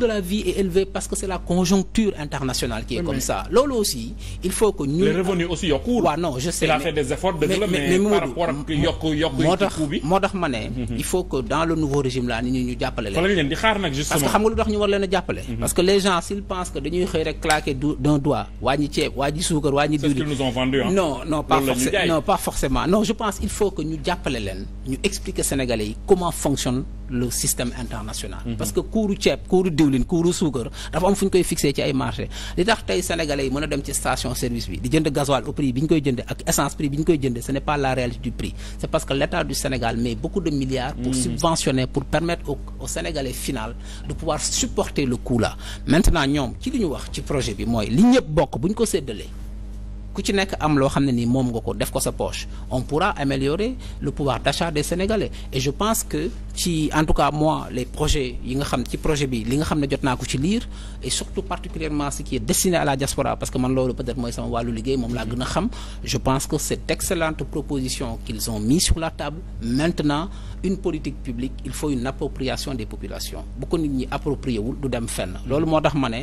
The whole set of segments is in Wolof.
de la vie est élevé parce que c'est la conjoncture internationale qui est comme ça loolu aussi il faut que ñu les aussi yokk yokk moo tax moo tax ma ne mhm. il faut que dans le nouveau régime là nit ñu jàppale leen parce que xam nga lu tax ñu war leen a jàppale mhm. parce que les gens s'ils pensent que dañuy xëy rek claquer d'un doigt wàññi ceeb wàññi suukar wàññi diwlin non non pas non pas forcément non je pense il faut que ñu jàppale leen ñu expliquer sénégalais yi comment fonctionne le système international. Mhm. parce que kuuru ceeb kuuru diwlin kuuru suukar dafa am fu ñu koy fixé ci ay marché li tax tey sénégalais yi mën a dem ci station service bi di jënd gasoil au prix bi ñu koy jëndee ak essence prix bi ñu koy jëndee ce n'est pas la réalité du prix c'est parce que l'État du Sénégal met beaucoup de milliards. pour mhm. subventionner pour permettre au au final de pouvoir supporter le coût là maintenant ñoom ci li ñu wax ci projet bi mooy li ñëpp bokk bu ñu ko séddalee. ku ci nekk am loo xam ne ni moom nga ko def ko sa poche on pourra améliorer le pouvoir d'achat des Sénégalais et je pense que ci en tout cas moi les projets yi nga xam ci projet bi li nga xam ne jot naa ko ci lire et surtout particulièrement ce qui est destiné à la diaspora parce que man loolu peut-être mooy sama wàllu liggéey moom laa gën a xam je pense que cette excellente proposition qu'ils ont mis sur la table maintenant une politique publique il faut une appropriation des ko nit ñi approprié wul du dem fenn loolu moo tax ma ne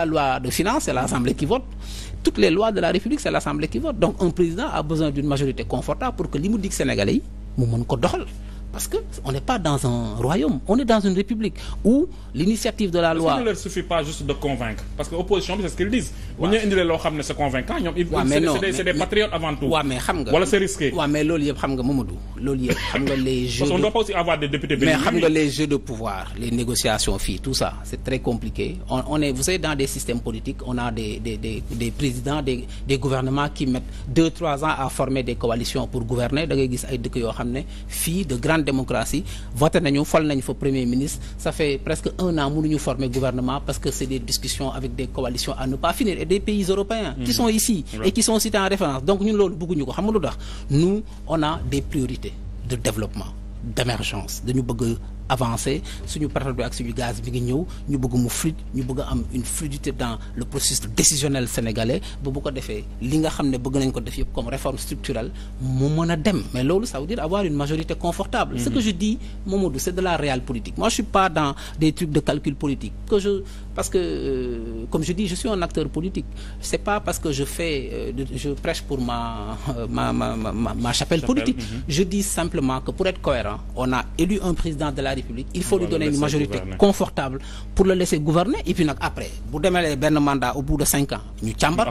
la de finances, c'est l'Assemblée qui vote. Toutes les lois de la République, c'est l'Assemblée qui vote. Donc un président a besoin d'une majorité confortable pour que li mu dig Sénégalais yi mu mën ko doxal parce que on n'est pas dans un royaume on est dans une république où l'initiative de la loi. ne leur suffit pas que opposition bi c'est ce qu'ils disent. waaw bu ñu indilee loo xam convaincant ñoom. waaw des patriotes avant tout. mais xam nga wala les jeux. de pouvoir les négociations fii tout ça c'est très compliqué on est vous savez dans des systèmes politiques on a des présidents des gouvernements qui mettent deux trois ans à former des coalitions pour gouverner da ngay gis de grandes grande démocratie voté nañu fal nañu fa premier ministre ça fait presque un an mënuñu former gouvernement parce que c'est des discussions avec des coalitions à ne pas finir et des pays européens qui mhm. sont ici et qui sont cités en référence donc ñun loolu bëgguñu ko xam nga lu nous on a des priorités de développement d'émergence dañu bëgg avancé suñu pétrole bi ak suñu gaz bi ngi ñëw ñu bëgg mu fluide ñu bëgg am une fluidité dans le processus décisionnel sénégalais ba bu ko defee li nga xam ne bëgg nañ ko def yëpp comme réforme structurelle mu mën a dem mais loolu ça veut dire avoir une majorité confortable ce que mm-hmm. je dis Mamadou de la réelle politique moi je suis pas dans des trucs de calcul politique que je parce que euh, comme je dis je suis un acteur politique c'est pas parce que je fais euh, je prêche pour ma euh, ma ma ma ma chapelle politique mm-hmm. je dis pour être République il faut lui donner une majorité gouverner. confortable pour le laisser gouverner et puis nag après bu demelee benn mandat au bout de cinq ans ñu càmbar